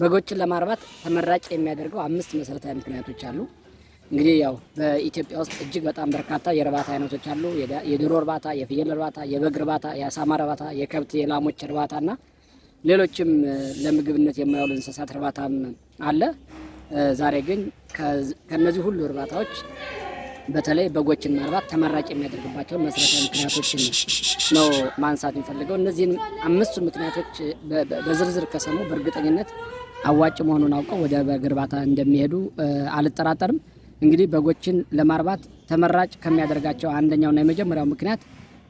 በጎችን ለማርባት ተመራጭ የሚያደርገው አምስት መሰረታዊ ምክንያቶች አሉ። እንግዲህ ያው በኢትዮጵያ ውስጥ እጅግ በጣም በርካታ የእርባታ አይነቶች አሉ። የዶሮ እርባታ፣ የፍየል እርባታ፣ የበግ እርባታ፣ የአሳማ እርባታ፣ የከብት የላሞች እርባታ እና ሌሎችም ለምግብነት የማይውሉ እንስሳት እርባታም አለ። ዛሬ ግን ከነዚህ ሁሉ እርባታዎች በተለይ በጎችን ማርባት ተመራጭ የሚያደርግባቸውን መሰረታዊ ምክንያቶችን ነው ማንሳት የሚፈልገው። እነዚህን አምስቱ ምክንያቶች በዝርዝር ከሰሙ በእርግጠኝነት አዋጭ መሆኑን አውቀው ወደ በግ እርባታ እንደሚሄዱ አልጠራጠርም። እንግዲህ በጎችን ለማርባት ተመራጭ ከሚያደርጋቸው አንደኛውና የመጀመሪያው ምክንያት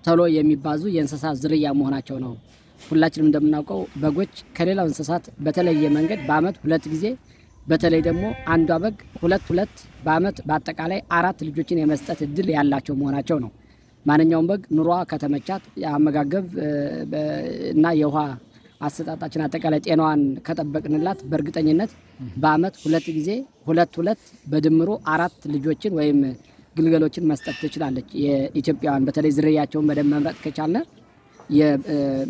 ቶሎ የሚባዙ የእንስሳት ዝርያ መሆናቸው ነው። ሁላችንም እንደምናውቀው በጎች ከሌላው እንስሳት በተለየ መንገድ በአመት ሁለት ጊዜ በተለይ ደግሞ አንዷ በግ ሁለት ሁለት በአመት በአጠቃላይ አራት ልጆችን የመስጠት እድል ያላቸው መሆናቸው ነው። ማንኛውም በግ ኑሯ ከተመቻት አመጋገብ እና የውሃ አሰጣጣችን አጠቃላይ ጤናዋን ከጠበቅንላት በእርግጠኝነት በአመት ሁለት ጊዜ ሁለት ሁለት በድምሮ አራት ልጆችን ወይም ግልገሎችን መስጠት ትችላለች። የኢትዮጵያውያን በተለይ ዝርያቸውን በደንብ መምረጥ ከቻለ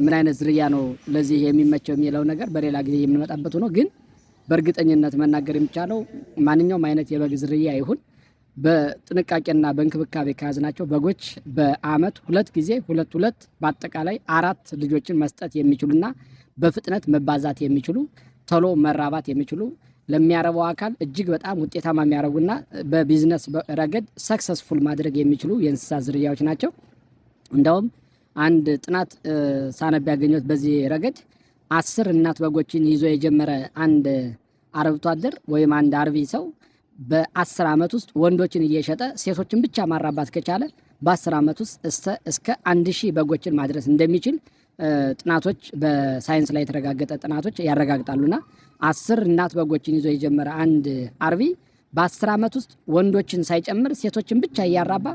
ምን አይነት ዝርያ ነው ለዚህ የሚመቸው የሚለው ነገር በሌላ ጊዜ የምንመጣበት ሆኖ ግን በእርግጠኝነት መናገር የሚቻለው ማንኛውም አይነት የበግ ዝርያ ይሁን በጥንቃቄና በእንክብካቤ ከያዝናቸው በጎች በአመት ሁለት ጊዜ ሁለት ሁለት በአጠቃላይ አራት ልጆችን መስጠት የሚችሉና በፍጥነት መባዛት የሚችሉ ቶሎ መራባት የሚችሉ ለሚያረባው አካል እጅግ በጣም ውጤታማ የሚያደርጉና በቢዝነስ ረገድ ሰክሰስፉል ማድረግ የሚችሉ የእንስሳት ዝርያዎች ናቸው። እንደውም አንድ ጥናት ሳነብ ያገኘሁት በዚህ ረገድ አስር እናት በጎችን ይዞ የጀመረ አንድ አርብቶ አደር ወይም አንድ አርቢ ሰው በአስር ዓመት ውስጥ ወንዶችን እየሸጠ ሴቶችን ብቻ ማራባት ከቻለ በአስር ዓመት ውስጥ እስከ አንድ ሺህ በጎችን ማድረስ እንደሚችል ጥናቶች በሳይንስ ላይ የተረጋገጠ ጥናቶች ያረጋግጣሉና አስር እናት በጎችን ይዞ የጀመረ አንድ አርቢ በአስር ዓመት ውስጥ ወንዶችን ሳይጨምር ሴቶችን ብቻ እያራባ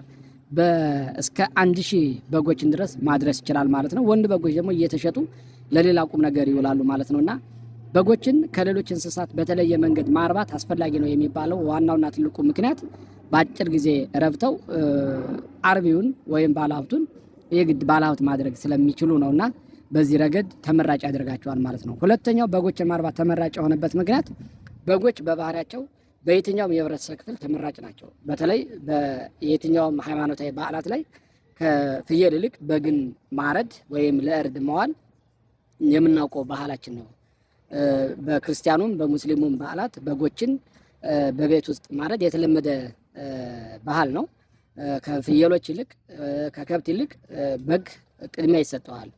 እስከ አንድ ሺህ በጎችን ድረስ ማድረስ ይችላል ማለት ነው። ወንድ በጎች ደግሞ እየተሸጡ ለሌላ ቁም ነገር ይውላሉ ማለት ነውና በጎችን ከሌሎች እንስሳት በተለየ መንገድ ማርባት አስፈላጊ ነው የሚባለው ዋናውና ትልቁ ምክንያት በአጭር ጊዜ ረብተው አርቢውን ወይም ባለሀብቱን የግድ ባለሀብት ማድረግ ስለሚችሉ ነው እና በዚህ ረገድ ተመራጭ ያደርጋቸዋል ማለት ነው። ሁለተኛው በጎችን ማርባት ተመራጭ የሆነበት ምክንያት በጎች በባህሪያቸው በየትኛውም የህብረተሰብ ክፍል ተመራጭ ናቸው። በተለይ የትኛውም ሃይማኖታዊ በዓላት ላይ ከፍየል ይልቅ በግን ማረድ ወይም ለእርድ መዋል የምናውቀው ባህላችን ነው። በክርስቲያኑም በሙስሊሙም በዓላት በጎችን በቤት ውስጥ ማረድ የተለመደ ባህል ነው። ከፍየሎች ይልቅ ከከብት ይልቅ በግ ቅድሚያ ይሰጠዋል።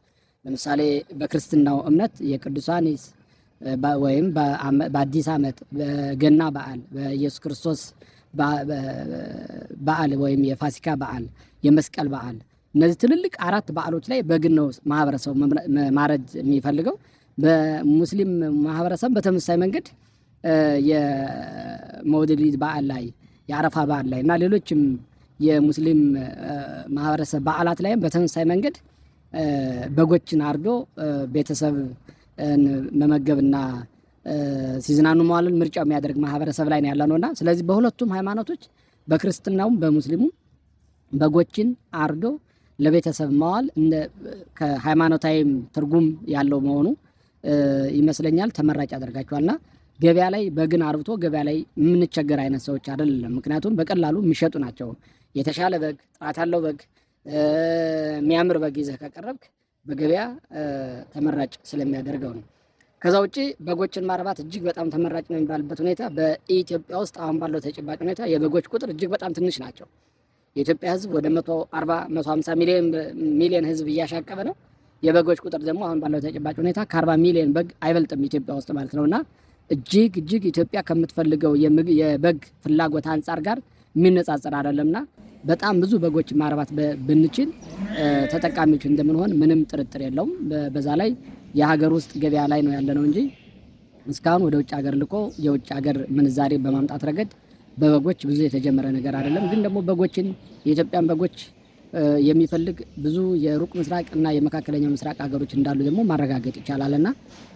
ለምሳሌ በክርስትናው እምነት የቅዱሳን ወይም በአዲስ ዓመት በገና በዓል በኢየሱስ ክርስቶስ በዓል ወይም የፋሲካ በዓል የመስቀል በዓል እነዚህ ትልልቅ አራት በዓሎች ላይ በግን ነው ማህበረሰቡ ማረድ የሚፈልገው። በሙስሊም ማህበረሰብ በተመሳሳይ መንገድ የመውሊድ በዓል ላይ የአረፋ በዓል ላይ እና ሌሎችም የሙስሊም ማህበረሰብ በዓላት ላይም በተመሳሳይ መንገድ በጎችን አርዶ ቤተሰብ መመገብና ሲዝናኑ መዋልን ምርጫው የሚያደርግ ማህበረሰብ ላይ ነው እና ነውና፣ ስለዚህ በሁለቱም ሃይማኖቶች በክርስትናውም በሙስሊሙም በጎችን አርዶ ለቤተሰብ መዋል ከሃይማኖታዊም ትርጉም ያለው መሆኑ ይመስለኛል ተመራጭ ያደርጋቸዋልና ገበያ ላይ በግን አርብቶ ገበያ ላይ የምንቸገር አይነት ሰዎች አይደለም። ምክንያቱም በቀላሉ የሚሸጡ ናቸው። የተሻለ በግ ጥራት ያለው በግ የሚያምር በግ ይዘህ ከቀረብክ በገበያ ተመራጭ ስለሚያደርገው ነው። ከዛ ውጭ በጎችን ማርባት እጅግ በጣም ተመራጭ ነው የሚባልበት ሁኔታ በኢትዮጵያ ውስጥ አሁን ባለው ተጨባጭ ሁኔታ የበጎች ቁጥር እጅግ በጣም ትንሽ ናቸው። የኢትዮጵያ ሕዝብ ወደ መቶ አርባ መቶ ሀምሳ ሚሊዮን ህዝብ እያሻቀበ ነው። የበጎች ቁጥር ደግሞ አሁን ባለው ተጨባጭ ሁኔታ ከአርባ ሚሊዮን በግ አይበልጥም ኢትዮጵያ ውስጥ ማለት ነው እና እጅግ እጅግ ኢትዮጵያ ከምትፈልገው የበግ ፍላጎት አንጻር ጋር የሚነጻጸር አይደለምና በጣም ብዙ በጎች ማርባት ብንችል ተጠቃሚዎች እንደምንሆን ምንም ጥርጥር የለውም። በዛ ላይ የሀገር ውስጥ ገበያ ላይ ነው ያለነው እንጂ እስካሁን ወደ ውጭ ሀገር ልኮ የውጭ ሀገር ምንዛሬ በማምጣት ረገድ በበጎች ብዙ የተጀመረ ነገር አይደለም። ግን ደግሞ በጎችን የኢትዮጵያን በጎች የሚፈልግ ብዙ የሩቅ ምስራቅ እና የመካከለኛው ምስራቅ ሀገሮች እንዳሉ ደግሞ ማረጋገጥ ይቻላል እና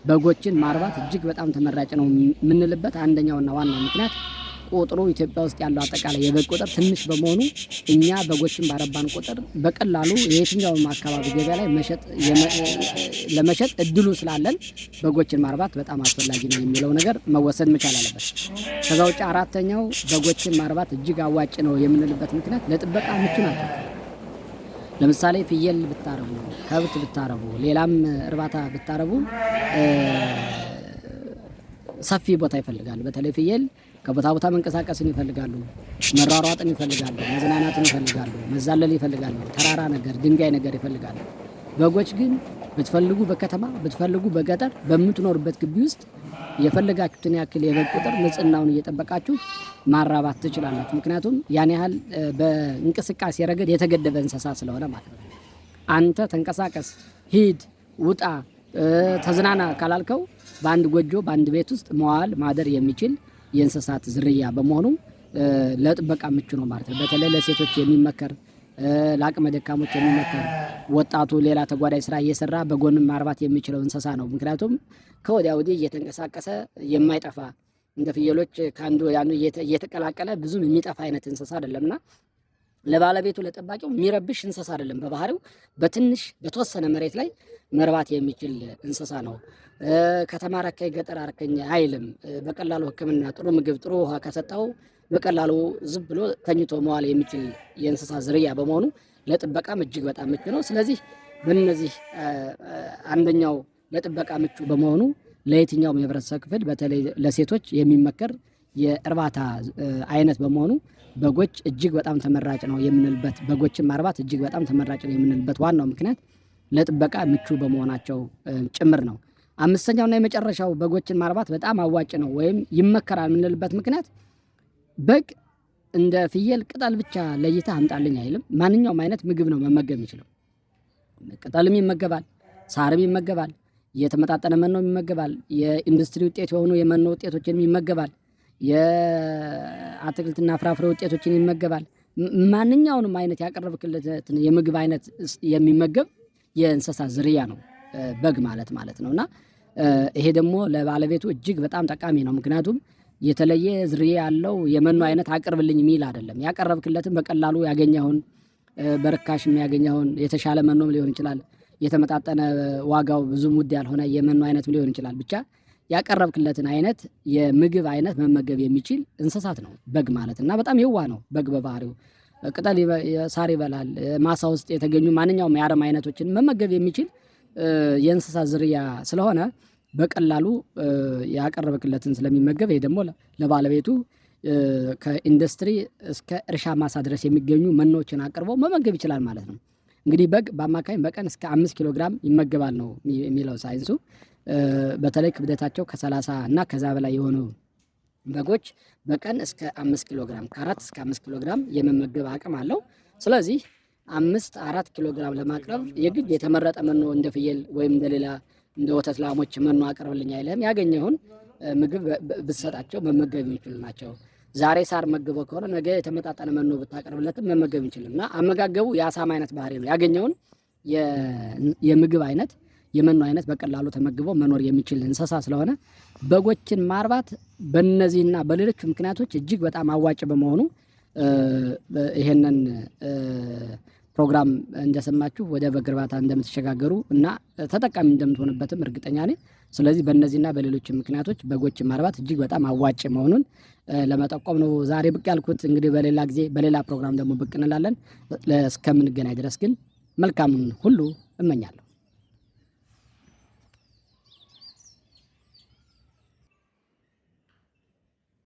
በጎችን ማርባት እጅግ በጣም ተመራጭ ነው የምንልበት አንደኛውና ዋናው ምክንያት ቁጥሩ ኢትዮጵያ ውስጥ ያለው አጠቃላይ የበግ ቁጥር ትንሽ በመሆኑ እኛ በጎችን ባረባን ቁጥር በቀላሉ የየትኛውም አካባቢ ገበያ ላይ ለመሸጥ እድሉ ስላለን በጎችን ማርባት በጣም አስፈላጊ ነው የሚለው ነገር መወሰድ መቻል አለበት። ከዛ ውጭ አራተኛው በጎችን ማርባት እጅግ አዋጭ ነው የምንልበት ምክንያት ለጥበቃ ምቹ ናቸው። ለምሳሌ ፍየል ብታረቡ፣ ከብት ብታረቡ፣ ሌላም እርባታ ብታረቡ ሰፊ ቦታ ይፈልጋሉ። በተለይ ፍየል ከቦታ ቦታ መንቀሳቀስን ይፈልጋሉ፣ መሯሯጥን ይፈልጋሉ፣ መዝናናትን ይፈልጋሉ፣ መዛለል ይፈልጋሉ፣ ተራራ ነገር ድንጋይ ነገር ይፈልጋሉ። በጎች ግን ብትፈልጉ በከተማ ብትፈልጉ በገጠር በምትኖርበት ግቢ ውስጥ የፈለጋችሁትን ያክል የበግ ቁጥር ንጽህናውን እየጠበቃችሁ ማራባት ትችላላችሁ። ምክንያቱም ያን ያህል በእንቅስቃሴ ረገድ የተገደበ እንስሳ ስለሆነ ማለት ነው። አንተ ተንቀሳቀስ፣ ሂድ፣ ውጣ፣ ተዝናና ካላልከው በአንድ ጎጆ በአንድ ቤት ውስጥ መዋል ማደር የሚችል የእንስሳት ዝርያ በመሆኑ ለጥበቃ ምቹ ነው ማለት ነው። በተለይ ለሴቶች የሚመከር ለአቅመ ደካሞች የሚመከር ወጣቱ ሌላ ተጓዳኝ ስራ እየሰራ በጎንም ማርባት የሚችለው እንስሳ ነው። ምክንያቱም ከወዲያ ወዲህ እየተንቀሳቀሰ የማይጠፋ እንደ ፍየሎች ከአንዱ አንዱ እየተቀላቀለ ብዙም የሚጠፋ አይነት እንስሳ አይደለምና ለባለቤቱ ለጠባቂው የሚረብሽ እንስሳ አይደለም። በባህሪው በትንሽ በተወሰነ መሬት ላይ መርባት የሚችል እንስሳ ነው። ከተማ ረካኝ ገጠር አርከኝ አይልም። በቀላሉ ሕክምና ጥሩ ምግብ ጥሩ ውሃ ከሰጠው በቀላሉ ዝም ብሎ ተኝቶ መዋል የሚችል የእንስሳ ዝርያ በመሆኑ ለጥበቃም እጅግ በጣም ምቹ ነው። ስለዚህ በእነዚህ አንደኛው ለጥበቃ ምቹ በመሆኑ ለየትኛውም የህብረተሰብ ክፍል በተለይ ለሴቶች የሚመከር የእርባታ አይነት በመሆኑ በጎች እጅግ በጣም ተመራጭ ነው የምንልበት በጎችን ማርባት እጅግ በጣም ተመራጭ ነው የምንልበት ዋናው ምክንያት ለጥበቃ ምቹ በመሆናቸው ጭምር ነው። አምስተኛውና የመጨረሻው በጎችን ማርባት በጣም አዋጭ ነው ወይም ይመከራል የምንልበት ምክንያት በግ እንደ ፍየል ቅጠል ብቻ ለይተህ አምጣልኝ አይልም። ማንኛውም አይነት ምግብ ነው መመገብ የሚችለው። ቅጠልም ይመገባል፣ ሳርም ይመገባል፣ የተመጣጠነ መኖም ይመገባል፣ የኢንዱስትሪ ውጤት የሆኑ የመኖ ውጤቶችንም ይመገባል፣ የአትክልትና ፍራፍሬ ውጤቶችን ይመገባል። ማንኛውንም አይነት ያቀረብክለትን የምግብ አይነት የሚመገብ የእንስሳ ዝርያ ነው በግ ማለት ማለት ነው እና ይሄ ደግሞ ለባለቤቱ እጅግ በጣም ጠቃሚ ነው ምክንያቱም የተለየ ዝርያ ያለው የመኖ አይነት አቅርብልኝ የሚል አይደለም። ያቀረብክለትን በቀላሉ ያገኘውን በርካሽ የሚያገኘውን የተሻለ መኖም ሊሆን ይችላል። የተመጣጠነ ዋጋው ብዙም ውድ ያልሆነ የመኖ አይነትም ሊሆን ይችላል። ብቻ ያቀረብክለትን አይነት የምግብ አይነት መመገብ የሚችል እንስሳት ነው በግ ማለት እና በጣም የዋ ነው በግ በባህሪው ቅጠል ሳር ይበላል። ማሳ ውስጥ የተገኙ ማንኛውም የአረም አይነቶችን መመገብ የሚችል የእንስሳት ዝርያ ስለሆነ በቀላሉ ያቀረበክለትን ስለሚመገብ ይሄ ደግሞ ለባለቤቱ ከኢንዱስትሪ እስከ እርሻ ማሳ ድረስ የሚገኙ መኖዎችን አቅርቦ መመገብ ይችላል ማለት ነው። እንግዲህ በግ በአማካኝ በቀን እስከ አምስት ኪሎ ግራም ይመገባል ነው የሚለው ሳይንሱ። በተለይ ክብደታቸው ከሰላሳ እና ከዛ በላይ የሆኑ በጎች በቀን እስከ አምስት ኪሎ ግራም ከአራት እስከ አምስት ኪሎ ግራም የመመገብ አቅም አለው። ስለዚህ አምስት አራት ኪሎ ግራም ለማቅረብ የግድ የተመረጠ መኖ እንደ ፍየል ወይም እንደሌላ እንደ ወተት ላሞች መኖ አቅርብልኝ አይለም ያገኘውን ምግብ ብትሰጣቸው መመገብ የሚችሉ ናቸው። ዛሬ ሳር መግበው ከሆነ ነገ የተመጣጠነ መኖ ብታቀርብለትም መመገብ የሚችል እና አመጋገቡ የአሳማ አይነት ባህሪ ነው። ያገኘውን የምግብ አይነት የመኖ አይነት በቀላሉ ተመግቦ መኖር የሚችል እንስሳ ስለሆነ በጎችን ማርባት በነዚህና በሌሎች ምክንያቶች እጅግ በጣም አዋጭ በመሆኑ ይሄንን ፕሮግራም እንደሰማችሁ ወደ በግ እርባታ እንደምትሸጋገሩ እና ተጠቃሚ እንደምትሆንበትም እርግጠኛ ነኝ። ስለዚህ በእነዚህና በሌሎች ምክንያቶች በጎች ማርባት እጅግ በጣም አዋጭ መሆኑን ለመጠቆም ነው ዛሬ ብቅ ያልኩት። እንግዲህ በሌላ ጊዜ በሌላ ፕሮግራም ደግሞ ብቅ እንላለን። እስከምንገናኝ ድረስ ግን መልካሙን ሁሉ እመኛለሁ።